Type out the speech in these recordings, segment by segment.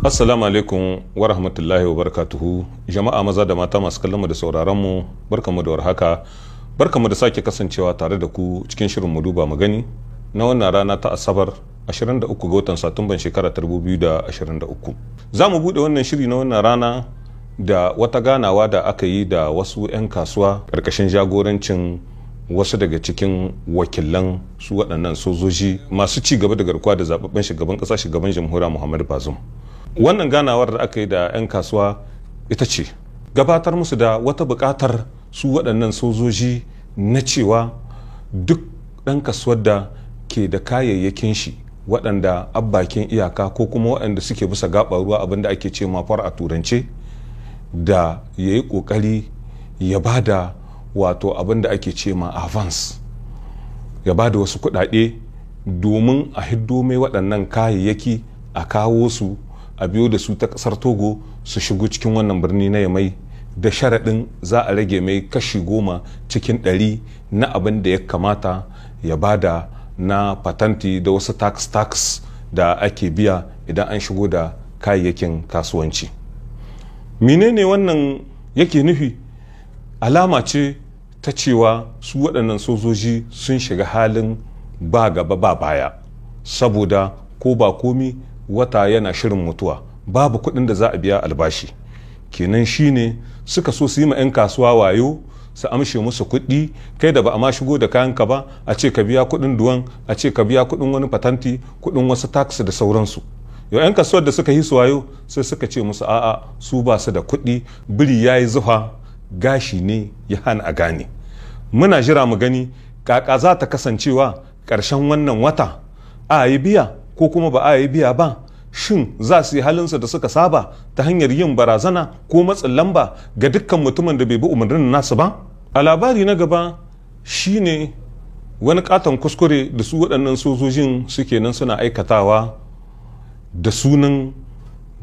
assalamu alaikum wa rahmatullahi wa barakatuhu jama'a maza da mata masu kallon mu da sauraron mu barkamu da warhaka barkamu da sake kasancewa tare da ku cikin shirin mu duba magani na wannan rana ta asabar 23 ga watan satumban shekara 2023 za mu buɗe wannan shiri na wannan rana da wata ganawa da aka yi da wasu 'yan kasuwa karkashin jagorancin wasu daga cikin wakilan su waɗannan sojoji masu ci gaba da garkuwa da zababben shugaban ƙasa shugaban jamhuriyar muhammadu bazum wannan ganawar da aka yi da 'yan kasuwa ita ce gabatar musu da wata bukatar su waɗannan sojoji na cewa duk ɗan kasuwar da ke da kayayyakin shi waɗanda abbakin iyaka ko kuma waɗanda suke bisa gaɓa ruwa abinda ake ce mafar a turance da ya yi ƙoƙari ya ba da wato abinda ake ce ma avance ya ba da wasu kuɗaɗe domin a hiddo mai waɗannan kayayyaki a kawo su a biyo da su ta kasar togo su shigo cikin wannan birni na yamai da sharaɗin za a rage mai kashi goma cikin ɗari na abin da ya kamata ya bada na patanti da wasu tax tax da ake biya idan an shigo da kayayyakin kasuwanci menene wannan yake nufi alama ce ta cewa su waɗannan sojoji sun shiga halin ba gaba ba baya saboda ko ba komi wata yana shirin mutuwa babu kuɗin da za a biya albashi kenan shi ne suka so su yi ma 'yan kasuwa wayo su amshe musu kuɗi kai da ba a ma shigo da kayanka ba a ce ka biya kuɗin duwan a ce ka biya kuɗin wani fatanti kuɗin wasu tax da sauransu yau 'yan kasuwar da suka yi su wayo sai suka ce musu a'a su ba su da kuɗi biri ya yi zufa gashi ne ya hana a gane muna jira mu gani kaka za ta kasancewa ƙarshen wannan wata a yi biya ko kuma ba a yi biya ba shin za su yi halinsa da suka saba ta hanyar yin barazana ko matsin lamba ga dukkan mutumin da bai bi umarnin nasu ba a labari na gaba shi ne wani katon kuskure da su waɗannan sojojin suke nan suna aikatawa da sunan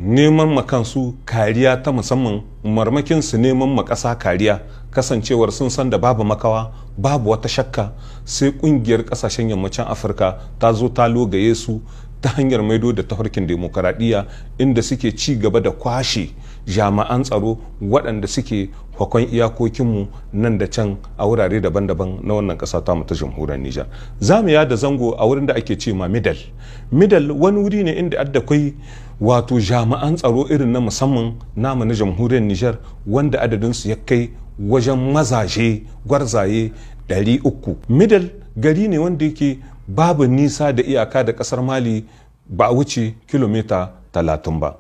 neman makansu kariya ta musamman marmakinsu neman makasa kariya kasancewar sun san da babu makawa babu wata shakka sai kungiyar kasashen yammacin afirka ta zo ta logaye su ta hanyar maido da tafarkin demokaradiyya inda suke ci gaba da kwashe jami'an tsaro waɗanda suke hakon iyakokinmu nan da can a wurare daban-daban na wannan ƙasa ta ta jamhuriyar Nijar. Za mu yada zango a wurin da ake ce ma Midal. Midal wani wuri ne inda adda kwai wato jami'an tsaro irin na musamman namu na jamhuriyar Nijar wanda adadinsu ya kai wajen mazaje gwarzaye 300. Midal gari ne wanda yake babu nisa da iyaka da kasar mali ba a wuce kilomita talatin ba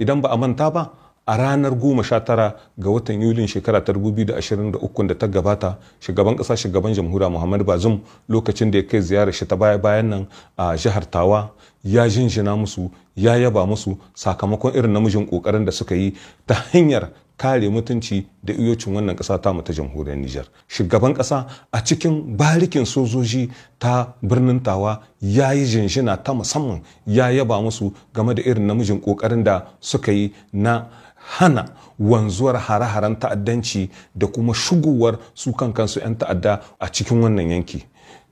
idan ba a manta ba a ranar goma sha tara ga watan yulin shekara ta dubu biyu da ashirin da da ta gabata shugaban kasa shugaban jamhuriya muhammadu bazum lokacin da ya kai ziyarar shi ta baya bayan nan a jihar tawa ya jinjina musu ya yaba musu sakamakon irin namijin kokarin da suka yi ta hanyar kare mutunci da iyocin wannan ƙasa ta mu ta jamhuriyar Nijar. Shugaban ƙasa a cikin barikin sojoji ta birnin tawa ya yi jinjina ta musamman ya yaba musu game da irin namijin ƙoƙarin da suka yi na hana wanzuwar hare-haren ta'addanci da kuma shigowar su kan kansu 'yan ta'adda a cikin wannan yanki.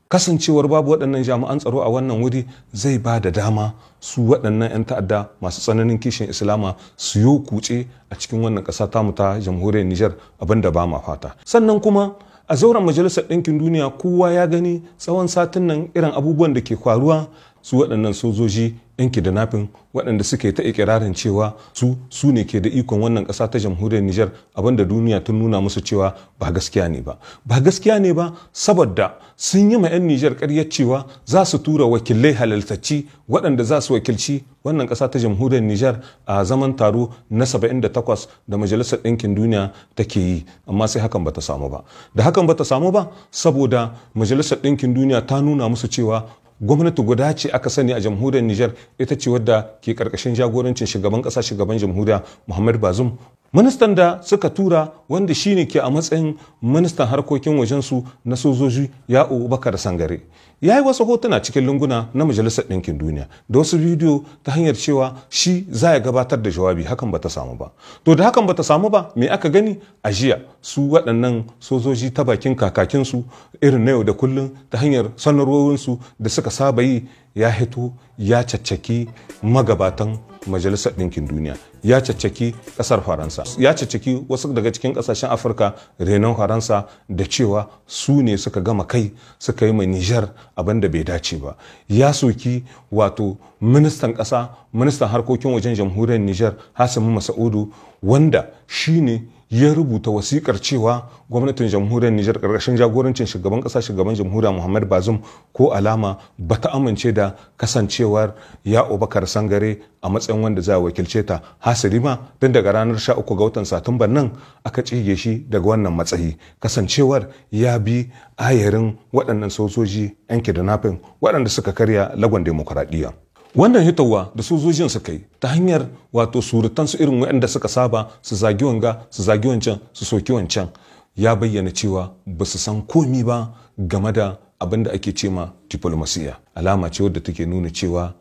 kasancewar babu waɗannan jami'an tsaro a wannan wuri zai ba da dama su waɗannan 'yan ta'adda masu tsananin kishin islama su yi kuce a cikin wannan ƙasa tamu ta jamhuriyar nijar abin da ba ma fata sannan kuma a zauren majalisar ɗinkin duniya kowa ya gani tsawon satin nan irin abubuwan da ke kwaruwa su waɗannan sojoji 'yan kidnapping waɗanda suke ta ikirarin cewa su su ne ke da ikon wannan ƙasa ta jamhuriyar Nijar abinda duniya tun nuna musu cewa ba gaskiya ne ba. Ba gaskiya ne ba saboda sun yi ma 'yan Nijar ƙaryar cewa za su tura wakilai halaltacci waɗanda za su wakilci wannan ƙasa ta jamhuriyar Nijar a zaman taro na 78 da Majalisar Ɗinkin Duniya take yi amma sai hakan bata samu ba. Da hakan bata samu ba saboda Majalisar Ɗinkin Duniya ta nuna musu cewa gwamnati guda ce aka sani a jamhuriyar Nijar ita ce wadda ke karkashin jagorancin shugaban kasa shugaban jamhuriya Muhammad Bazum ministan da suka tura wanda shine ke a matsayin ministan harkokin wajensu na sojoji ya bakar sangare ya yi wasu hotuna cikin lunguna na majalisar ɗinkin duniya da wasu bidiyo ta hanyar cewa shi za ya gabatar da jawabi hakan bata samu ba to da hakan bata samu ba me aka gani a jiya su waɗannan sojoji ta bakin kakakinsu irin na yau da kullum ta hanyar sanarwowinsu da suka saba yi ya hito ya caccaki magabatan majalisar ɗinkin duniya ya caccaki ƙasar faransa ya caccaki wasu daga cikin ƙasashen afirka renon faransa da cewa su ne suka gama kai suka yi mai nijar abin da bai dace ba ya soki wato ministan ƙasa ministan harkokin wajen jamhuriyar nijar hasimu masaudu wanda shi ne ya rubuta wasikar cewa gwamnatin jamhuriyar Nijar karkashin jagorancin shugaban kasa shugaban jamhuriya Muhammad Bazum ko alama bata amince da kasancewar ya Obakar Sangare a matsayin wanda za a wakilce ta hasali ma don daga ranar 13 ga watan Satumba nan aka cige shi daga wannan matsayi kasancewar ya bi ayarin waɗannan sojoji 'yan kidnapping waɗanda suka karya lagon demokuraɗiyya. wannan hitowa da su kai suka yi ta hanyar wato surutan su irin waɗanda suka saba su zagi wanga su zagi wancan su soki wancan ya bayyana cewa ba su san komi ba game da abin da ake cema diplomasiya alama ce wadda take nuna cewa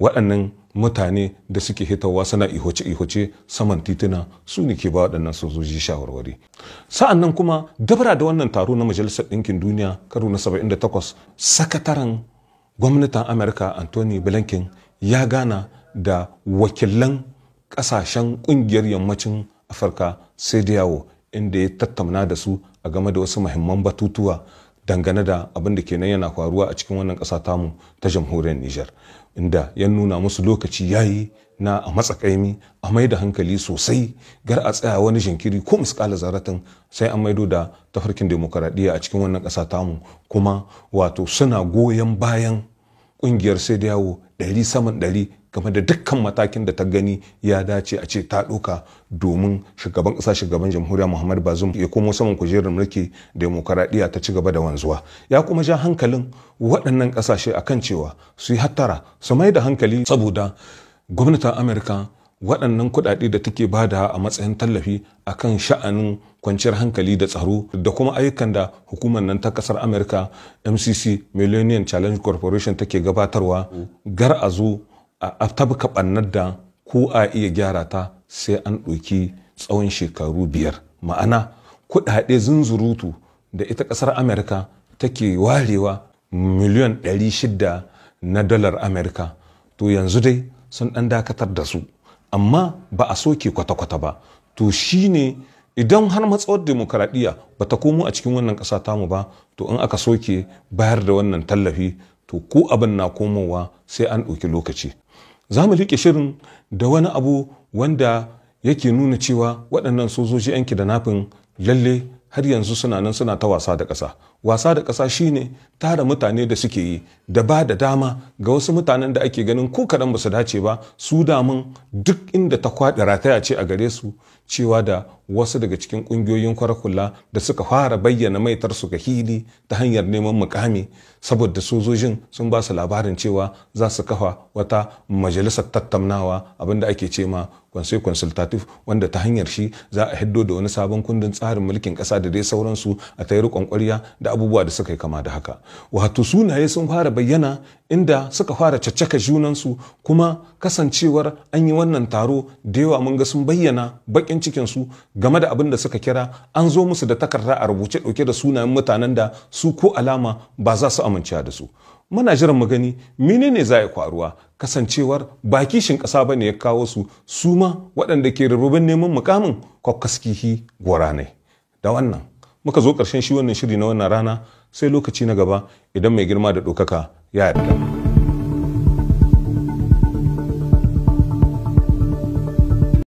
waɗannan mutane da suke hitawa suna ihoce-ihoce saman tituna su ne ke ba waɗannan sojoji shawarwari sa'an nan kuma dabara da wannan taro na majalisar ɗinkin duniya karo na 78 sakataren gwamnatin amurka anthony blinken ya gana da wakilan kasashen kungiyar yammacin afirka sai yawo inda ya tattauna da su a game da wasu muhimman batutuwa dangane da abin da kenan yana faruwa a cikin wannan ƙasa tamu ta jamhuriyar Nijar inda ya nuna musu lokaci yayi na a matsakaimi a mai da hankali sosai gar a tsaya wani jinkiri ko miskala zaratin sai an maido da tafarkin demokaradiyya a cikin wannan ƙasa tamu kuma wato suna goyon bayan ƙungiyar sai da yawo ɗari saman ɗari game da dukkan matakin da ta gani ya dace a ce ta ɗauka domin shugaban ƙasa shugaban jamhuriya muhammadu bazum ya komo saman kujerar mulki demokaradiyya ta ci gaba da wanzuwa ya kuma ja hankalin waɗannan ƙasashe akan cewa su yi hattara su mai da hankali saboda gwamnatin amurka waɗannan kuɗaɗe da take bada a matsayin tallafi a kan sha'anin kwanciyar hankali da tsaro da kuma ayyukan da hukumar nan ta ƙasar amurka mcc millennium challenge corporation take gabatarwa gar a zo a tabka ɓannar da ko a iya gyara ta sai an ɗauki tsawon shekaru biyar ma'ana kuɗaɗe zunzurutu da ita ƙasar amurka take warewa miliyan 600 na dalar amurka to yanzu dai sun ɗan dakatar da su amma ba a soke kwata-kwata ba to shine idan har matsawar demokaradiyya ba ta komo a cikin wannan ƙasa mu ba to in aka soke bayar da wannan tallafi to ko abin na komowa sai an ɗauki lokaci za mu riƙe shirin da wani abu wanda yake nuna cewa waɗannan sojoji da nafin lalle har yanzu suna nan suna ta wasa da ƙasa wasa da ƙasa shine tara mutane da suke yi da ba da dama ga wasu mutanen da ake ganin ko kaɗan ba su dace ba su damun duk inda ta kwaɗa rataya ce a gare su cewa da wasu daga cikin ƙungiyoyin kwarakula da suka fara bayyana maitar su ga hili ta hanyar neman mukami saboda sojojin sun ba su labarin cewa za su kafa wata majalisar tattaunawa abinda ake ce ma kwansai consultative wanda ta hanyar shi za a hiddo da wani sabon kundin tsarin mulkin ƙasa da dai sauransu a tayi riƙon da abubuwa da suka yi kama da haka wato sunaye sun fara bayyana inda suka fara caccaka junansu kuma kasancewar an yi wannan taro da yawa mun ga sun bayyana bakin cikinsu game da abin da suka kira an zo musu da takarda a rubuce dauke da sunayen mutanen da su ko alama ba za su amincewa da su muna jiran mu gani menene za a kwaruwa kasancewar ba kishin ƙasa ba ne ya kawo su su ma waɗanda ke rububin neman mukamin kwakwaskihi gwara ne da wannan muka zo ƙarshen shi wannan shiri na wannan rana sai lokaci na gaba idan mai girma da ɗaukaka ya yarda.